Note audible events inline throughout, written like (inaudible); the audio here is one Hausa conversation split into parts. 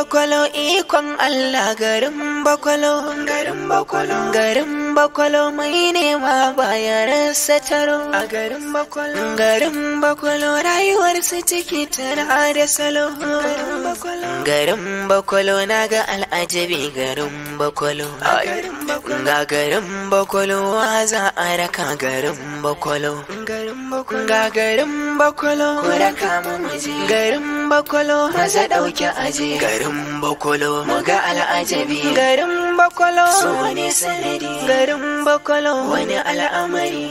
bakwalo ikon Allah garin bakwalo garin bakwalo garin bakwalo mai nema ya rasa taro a garin bakwalo garin bakwalo rayuwar su ciki tana da salo garin bakwalo na ga al'ajabi garin bakwalo ga garin bakwalo wa za a raka garin bakwalo ga garin bakwalo raka mu garin bakwalo maza ɗauki aje garin bakwalo muga al'ajabi garin bakwalo su wani sanadi garin bakwalo wani al'amari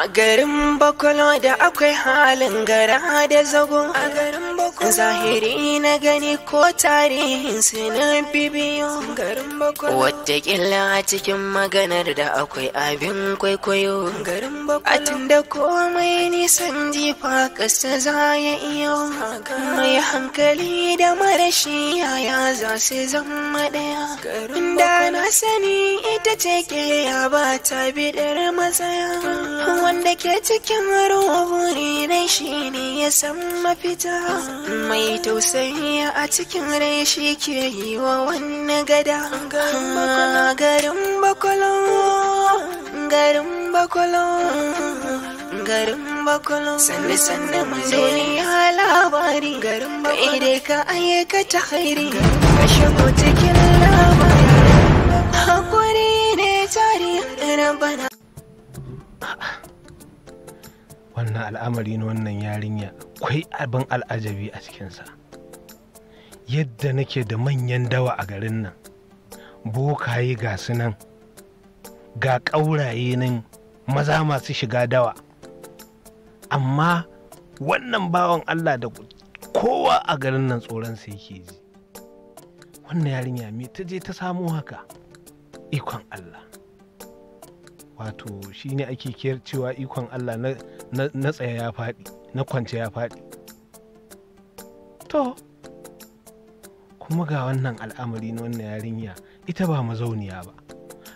A garin bakwalo da akwai halin gara da zagon a garin bakwalo zahiri na gani ko tarihin sinin bibiyo garin bakwalo watakila a cikin maganar da akwai abin kwaikwayo garin bakwalo a tun da komai nisan jifa kasa za ya iya mai hankali da marashi yaya za su zama ɗaya sani ita ce ke ba ta bidar matsaya wanda ke cikin ruwa ne shi ne ya san mafita mai tausayi a cikin rai shi ke yi wa wani gada garin bakwalo garin bakwalo garin bakwalo sanne sanne mai labari garin bakwalo ka ayyuka ta hairi ka shigo wannan al'amari na wannan yarinya kwai abin al'ajabi a cikinsa yadda nake da manyan dawa a garin nan bokaye ga su nan ga ƙauraye nan maza masu shiga dawa amma wannan bawan allah da kowa a garin nan tsoron sai yake ji wannan yarinya me ta je ta samu haka ikon allah wato shi ne ake cewa ikon allah na tsaya ya faɗi na kwance ya faɗi to kuma ga wannan al'amari na wannan yarinya ita ba mazauniya ba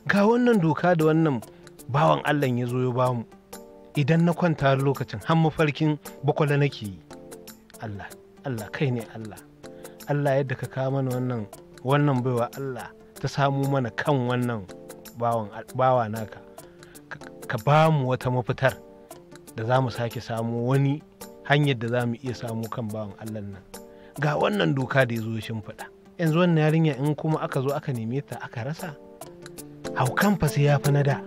ga wannan doka da wannan bawan allah ya zo ya bamu idan na kwanta lokacin har mafarkin bakwala nake yi allah allah kai ne allah allah yadda ka kawo mana wannan wannan baiwa allah ta samu mana kan wannan bawa naka ka ba mu wata mafitar da za mu sake samu wani hanyar da za mu iya samu kan bawan Allah nan ga wannan doka da ya zo shimfiɗa yanzu wannan yarinya in kuma aka zo aka neme ta aka rasa haukan fa sai ya fi na da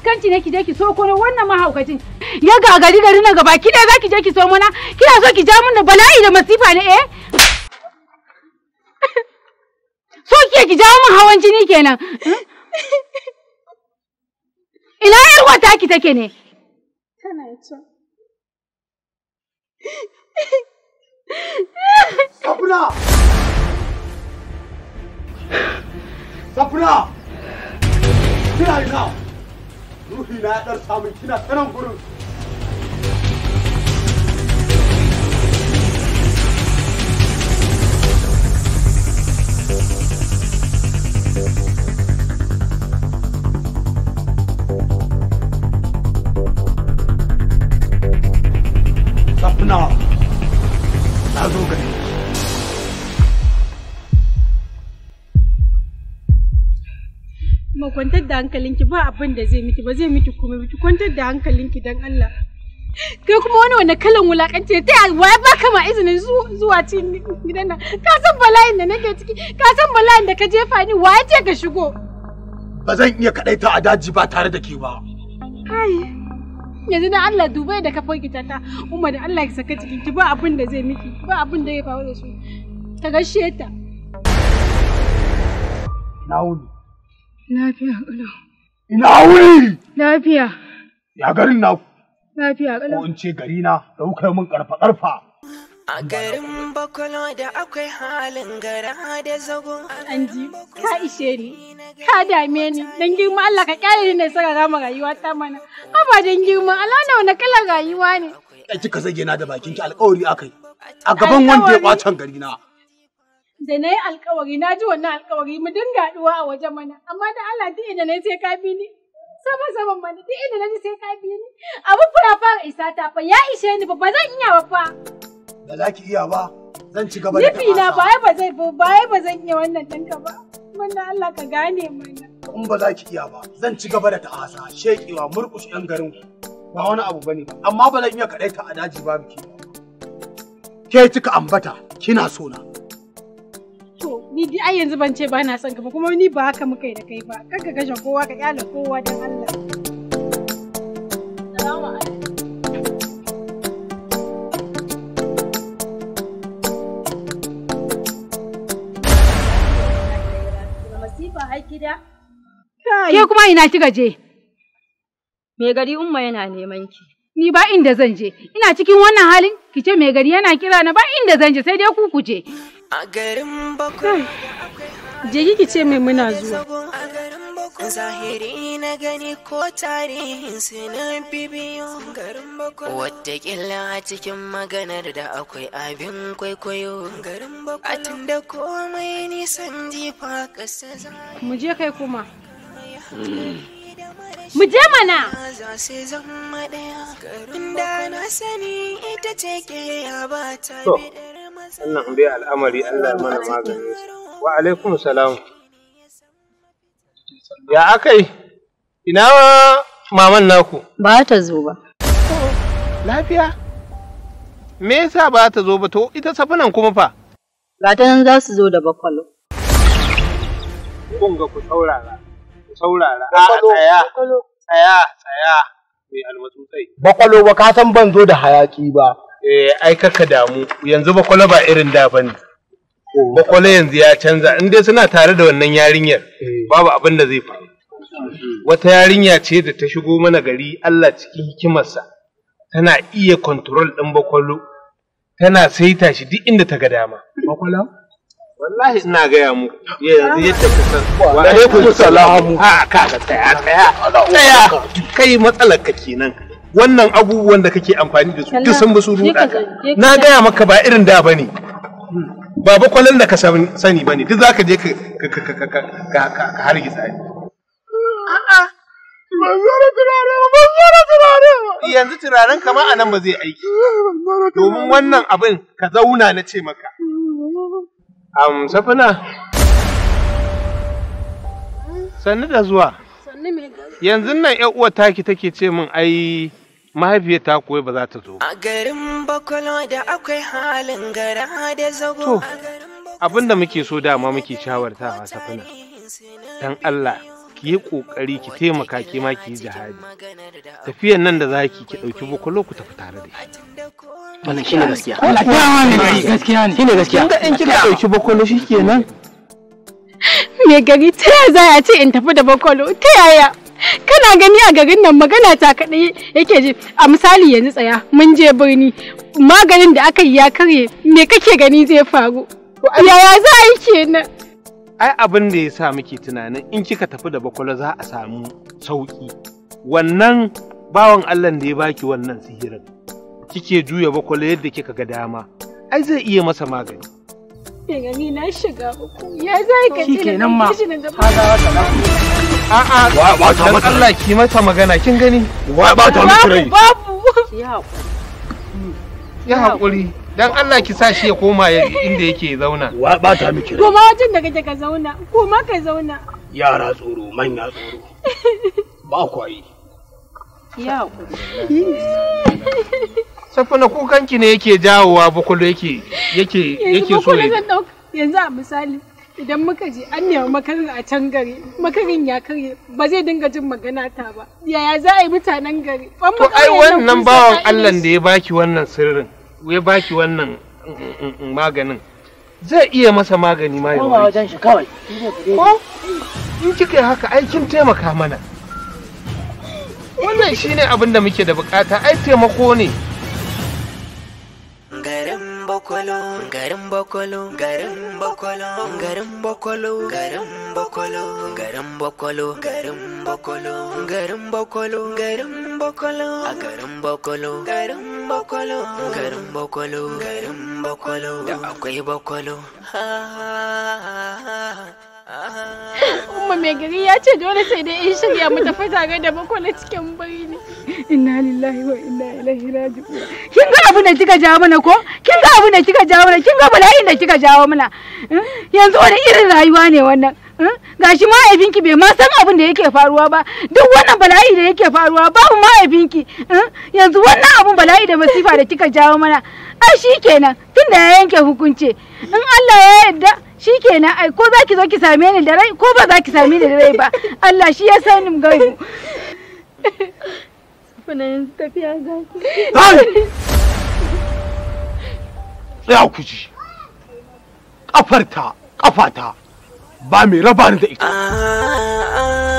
fuskanci ne ki je ki so ko wannan mahaukacin ya gagari gari na gaba ki ne za je ki so mana kina so ki ja mun da bala'i da masifa ne eh so ki ki ja mun hawan jini kenan hmm? ina yar wata ki take ne tana ita Sapna! Sapna! Get out now! guri na dar samun kina sanan Thank you. kwantar da hankalinki ba abin da zai miki ba zai miki kuma miki kwantar da hankalinki dan Allah kai kuma wani wani kalan wulakanci ta yaya waya ba ka ma izinin zuwa cikin gidan nan ka san bala'in da nake ciki ka san bala'in da ka jefa ni waya ce ka shigo ba zan iya kadai ta a daji ba tare da ke ba kai yanzu dan Allah dubai da ka firgita ta umma da Allah ya saka cikin ki ba abin da zai miki ba abin da ya faru da su ta gashe ta na wuni Lafiya ƙalau. Ina wuri? Lafiya. Ya garin naku? Lafiya ƙalau. Ko in ce gari na da kuka min ƙarfa-ƙarfa. A garin bakwalo da akwai halin gara da zago. Anji, ka ishe ni, ka dame ni, don girma Allah ka ƙyale ni na saka gama rayuwa ta mana. Haba don girma, Allah na wani kalar rayuwa ne. Kika zage na da bakin ki alƙawari yi A gaban wanda ya ɓacan gari na. da na yi alkawari na ji wannan alkawari mu dinga haɗuwa a waje mana amma da Allah duk inda na sai ka bi ni sama sama mana duk inda na ji sai ka bi ni abu fara fara isa ta fa ya ishe ni ba zan iya ba fa ba za ki iya ba zan ci gaba da nufi na ba ba zai ba ba zan iya wannan ɗinka ba wannan Allah ka gane mana in ba za ki iya ba zan ci gaba da ta'asa shekewa murƙushe ɗan garin ba wani abu bane amma ba zan iya kaɗai ta a daji ba biki ke cika ambata kina sona ni dai ai yanzu ban ce ba na son ka ba kuma ni ba haka muka yi da kai ba kar ka kashe kowa ka kyale kowa don Allah Ke kuma ina kika je? Me gari umma yana neman ki. Ni ba inda zan je. Ina cikin wannan halin ki ce me gari yana kira na ba inda zan je sai dai ku ku je. a garin bakwai ce mai muna zuwa zahiri na gani ko tarihin na bibiyo garin bakwai a cikin maganar da akwai abin kwaikwayo garin bakwai a tunda komai nisan jifa kasa mu je kai kuma hmm. mu je mana inda na sani ita ce ke ya ba ta wannan bai al'amari Allah mana magani wa alaikum salam ya akai ina maman naku ba ta zo ba lafiya me yasa ba ta zo ba to ita safinan kuma fa ga ta nan za su zo da bakwalo kun ga ku saurara ku saurara a tsaya tsaya tsaya mai bakwalo ba ka san ban zo da hayaki ba eh ai kaka damu yanzu bakwala ba irin da ba bakwala yanzu ya canza in dai suna tare da wannan yarinyar eh. babu abin da zai faru wata yarinya ce da ta shigo mana gari Allah cikin hikimarsa tana iya control din kwalo tana saita shi duk inda ta ga dama bakwala wallahi ina gaya mu yanzu ya tafi san wallahi ku salamu a ka tsaya tsaya tsaya kai matsalar ka kenan wannan abubuwan da kake amfani da su duk sun ba su ruɗa na gaya maka ba irin da bane ba bakwalan da ka sani bane duk zaka je ka ka hargitsa ni a'a ban zara turare ba manzara turare ba yanzu turaren kama a nan ba zai aiki domin wannan abin ka zauna na ce maka am safina sannu da zuwa yanzu nan 'yan taki take ce min ai mahaifiyata ta koyi ba za ta zo a garin bakwalo da akwai halin gara da zago to abin da muke so dama muke shawarta a safina dan Allah ki yi ƙoƙari ki taimaka ki ma ki yi jihadi tafiyan nan da za ki ɗauki bakwalo ku tafi tare da shi wannan shine gaskiya gaskiya ne shine gaskiya inda in kika ɗauki bakwalo shi kenan. me gari ta yaya za a ce in tafi da bakwalo ta yaya kana gani a garin nan magana ta kaɗai yake ji a misali yanzu tsaya mun je birni maganin da aka yi ya karye me kake gani zai faru yaya za a yi kenan ai abin da ya sa muke tunanin in kika tafi da bakwalo za a samu sauki wannan bawan allah da ya baki wannan sihirin kike juya bakwalo yadda kika ga dama ai zai iya masa magani bai gani ya Allah ki mata magana kin gani ya haƙuri. Don Allah ki sa shi ya koma inda yake zauna wa ba ta miki rai koma wajen da kake ka zauna ka zauna yara tsoro manya tsoro (laughs) ba kwayi ya haƙuri. safina kukanki ne yake jawowa bukulu yake yake yake so yanzu a misali idan muka je an nemi makarin a can gari makarin ya karye ba zai dinga jin magana ta ba yaya za a yi mutanen gari to ai wannan bawan Allah da ya baki wannan sirrin ya baki wannan mm, mm, mm, maganin zai iya masa magani ma yau wajen shi kawai ko in kika yi haka ai kin taimaka mana wannan shine abin da muke da bukata ai taimako ne garin bakwalo garin bakwalo garin bakwalo garin bakwalo garin bakwalo garin bakwalo garin bakwalo garin bakwalo garin bakwalo a garin bakwalo garin bakwalo garin bakwalo garin bakwalo da akwai bakwalo Umma mai gari ya ce dole sai dai in shirya mu tafi tare da bakwalo cikin birni. inna lillahi wa inna ilaihi raji'un kin ga abin da kika jawo mana ko kin ga abin da kika jawo mana kin ga bala'in da kika jawo mana eh? yanzu wani irin rayuwa ne wannan eh? gashi mahaifinki bai ma san abin da yake faruwa ba duk wannan bala'i da yake faruwa babu mahaifinki eh? yanzu wannan abun bala'i da masifa da kika jawo mana ai shikenan tunda ya yanke hukunci, in Allah ya yarda shi kenan ai ko za zo ki same ni da rai ko ba zaki ki same ni da rai ba Allah shi ya sani mu gaibu (laughs) kuna yanzu tafiya za ku (laughs) tsaya ku ji kafarta kafata ba mai raba ni da ita ah, ah,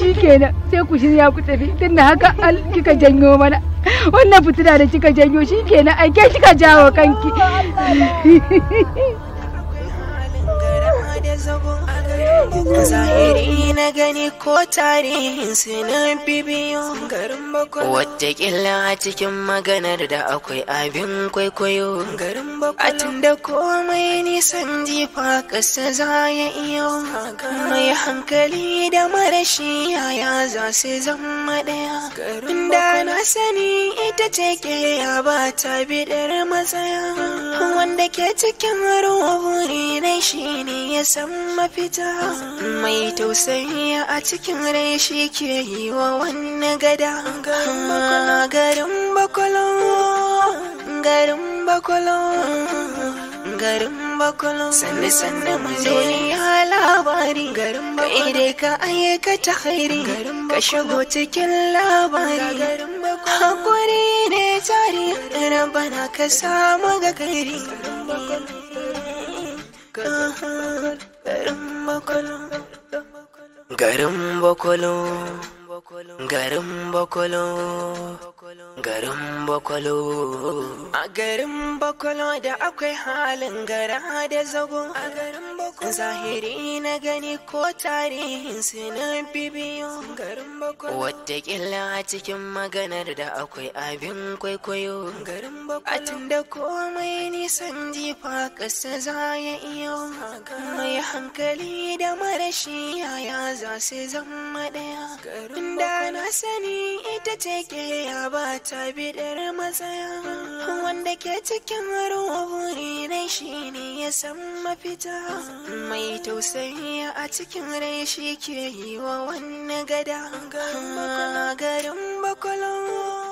shi kenan sai ku shirya ku tafi tun da haka kika janyo mana wannan fitina da kika janyo shi kenan aike kika jawo kanki (laughs) zahiri na gani ko tarihin na bibiyu garin bakwai watakila a cikin maganar da akwai abin kwaikwayo garin bakwai a da komai nisan jifa ƙasa za ya iyo mai hankali da marashi yaya za su zama ɗaya sani ita ce ke ba ta bidar matsaya wanda ke cikin ruwa buri na shi ne ya san mafita mai tausayi a cikin rai shi ke yi wa wani gada garin bakwalo garin bakwalo garin bakwalo sanne sanne mu ya labari garin bakwalo ka ayyuka ta hairi ka shigo cikin labari taimakon hakuri ne jari bana ka samu ga kairi garin bakwalo garin bakwalo garin bakwalo garin bakwalo a garin bakwalo da akwai halin gara da zagon a garin zahiri na gani ko tarihin na bibiyo garin bakwai a cikin maganar da akwai abin kwaikwayo garin a tunda komai nisan jifa ƙasa za ya iya mai hankali da marashi yaya za su zama ɗaya garin da na sani ita ce ke ya ba ta bidar matsaya wanda ke cikin ruwa buri na shi ne ya san mafita mai tausayi a cikin rai shi ke yi wa wani gada garin bakwalon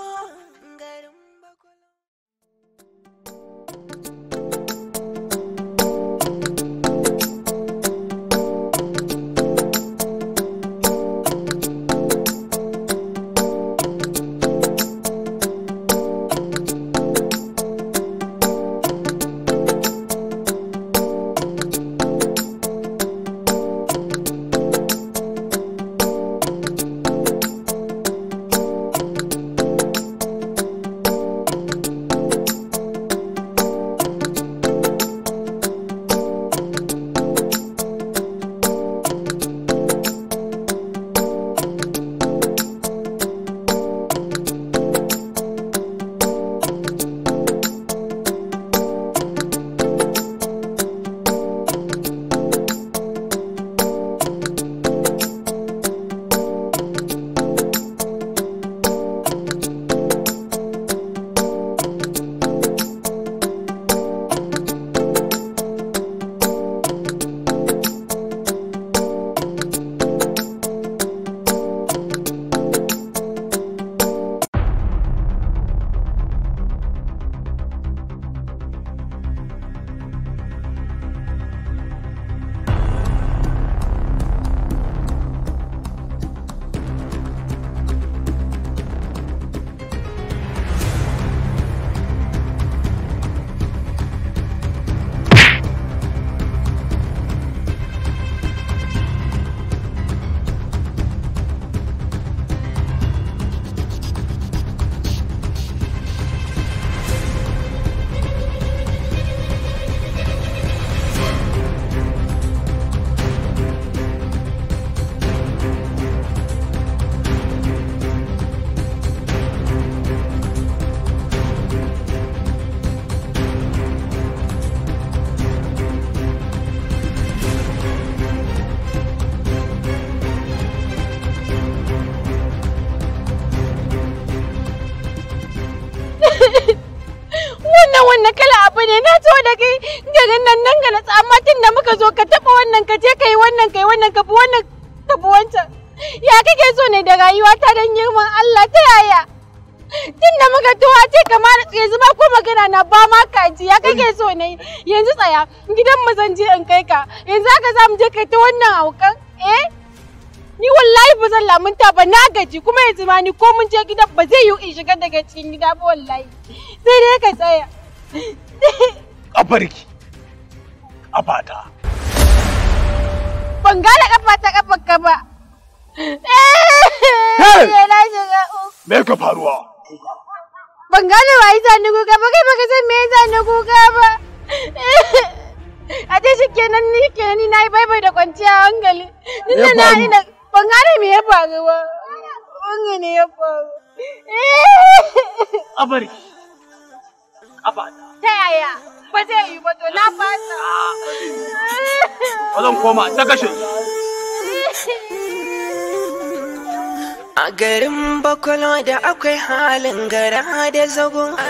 da kai garin nan nan na tsama tun da muka zo ka taba wannan ka je kai wannan kai wannan ka bi wannan ka bi wancan ya kake so ne da rayuwa ta dan girman Allah ta yaya tun da muka tuwa ce kamar yanzu ba ko magana na ba ma kaji ya kake so ne yanzu tsaya gidan mu zan je in kai ka yanzu haka za mu je kai ta wannan aukan eh ni wallahi ba zan lamunta ba na gaji kuma yanzu ma ni ko mun je gidan ba zai yi in shiga daga cikin gida ba wallahi sai dai ka tsaya (laughs) a kafata ban gane kafata ka ba eh, me ka faruwa ban gane wa yi ni kuka ba kai baka san me ya ni kuka ba eh, a ce shi kenan ni kenan ni na yi baibai da kwanciya hankali ni na na ni ban gane me ya faru ba wanga ne ya faru eh. a bari a ba ta yaya ba zai yi ba na a garin bakwalo da akwai halin gara da zagon a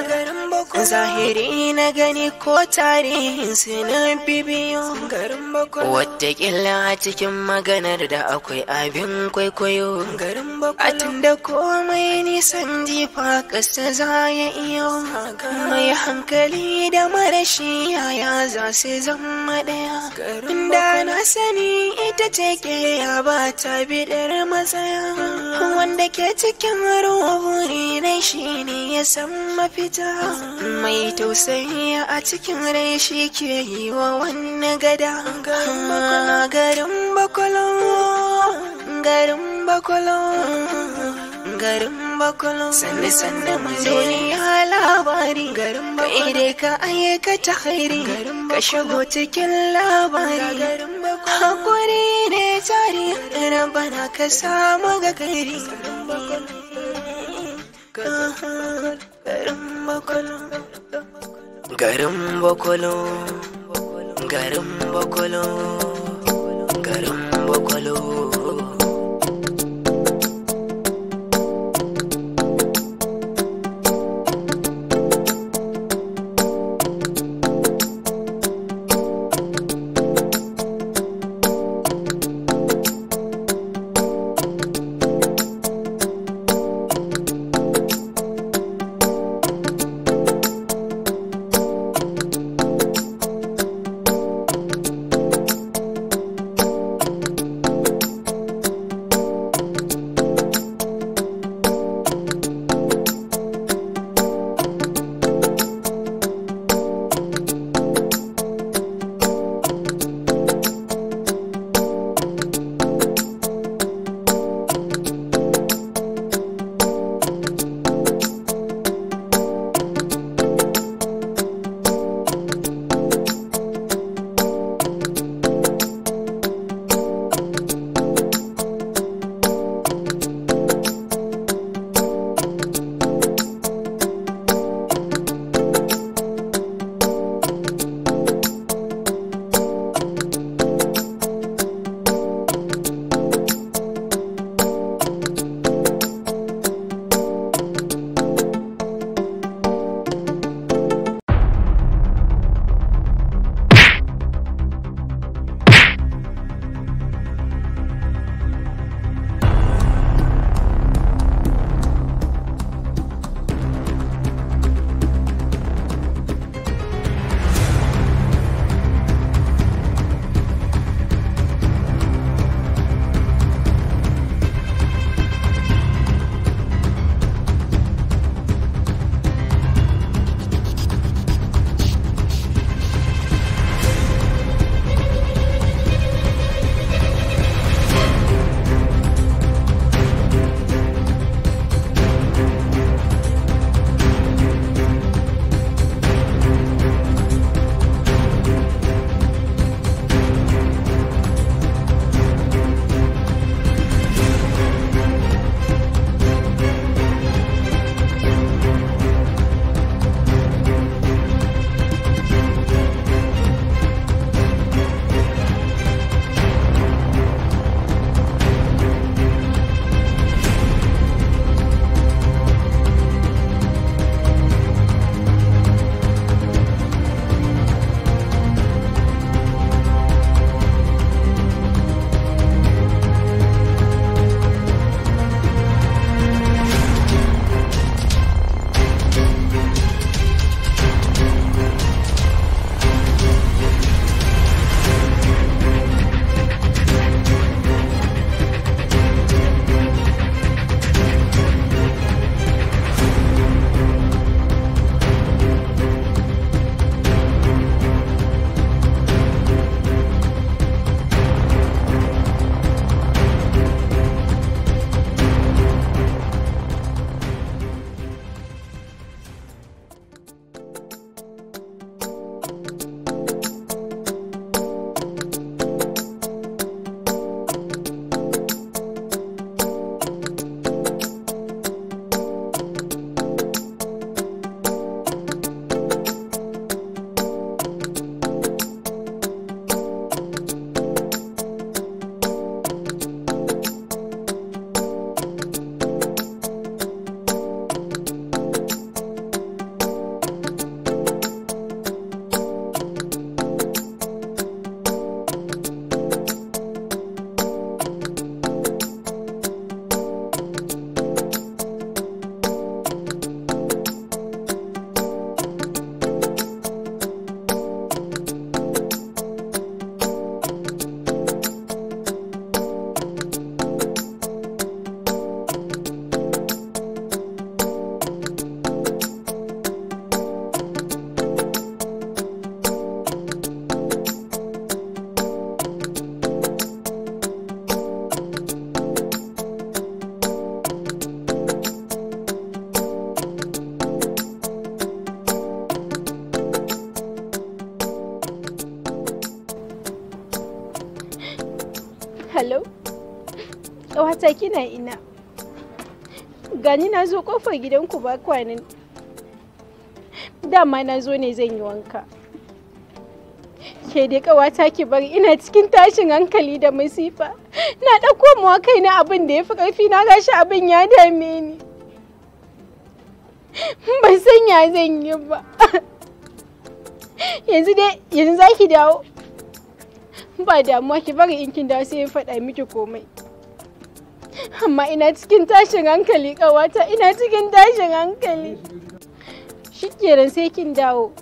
zahiri na gani ko tarihin na bibiyo garin bakwai kila a cikin maganar da akwai abin kwaikwayo garin bakwai a da komai nisan jifa kasa za ya iya mai hankali da marashi yaya za su zama daya garin da na sani ita ce ke ya ba ta bidar matsaya wanda ke cikin ruwa ne shi ne ya san mafita mai tausayi a cikin rai shi ke yi wa wani gada garin bakwalo garin bakwalo garin bakwalo sanne sanne mu ya labari garin bakwalo ka ka aikata hairi ka shigo cikin labari hakuri ne tari rabana ka samu ga gari garin bakwalo garin bakwalo garin bakwalo garin bakwalo kalau ƙawata kina ina gani na zo ƙofar gidanku ba kwanan dama na zo ne zan yi wanka ke dai ƙawata ki bari ina cikin tashin hankali da masifa na ɗauko mawa kai na abin da ya fi ƙarfi na gashi abin ya dame ni ban san ya zan yi ba (laughs) yanzu dai yanzu za ki dawo (laughs) ba damuwa ki bari in kin dawo sai in faɗa miki komai amma ina cikin tashin hankali ƙawata ina cikin tashin hankali shikenan sai kin dawo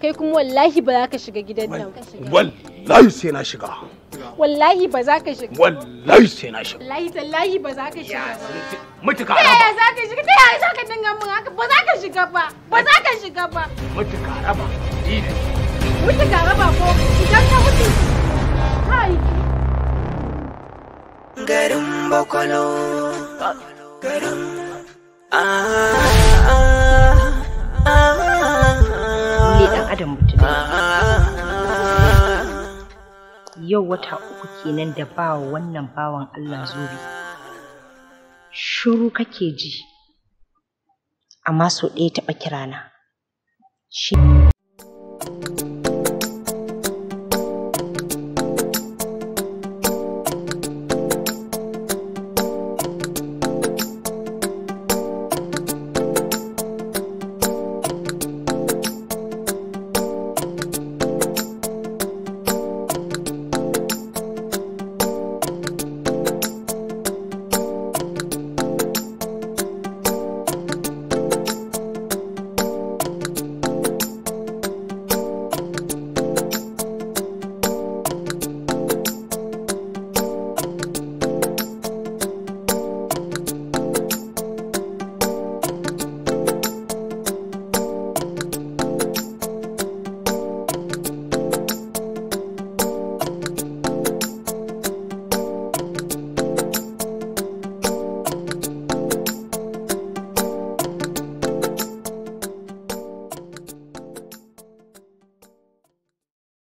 kai kuma wallahi ba za ka shiga gidan nan wallahi sai na shiga wallahi ba za ka shiga wallahi sai na shiga wallahi tallahi ba za ka shiga mutuka ba yaya za ka shiga ta yaya za ka dinga mun haka ba za ka shiga ba ba za ka shiga ba mutuka raba ni ne mutuka ba ko idan ka mutu Garin bakwalo ah, ah, ah. Yau wata uku kenan da ba wannan bawan Allah zobe. Shuru kake ji, amma so ɗaya taɓa kirana. Shi.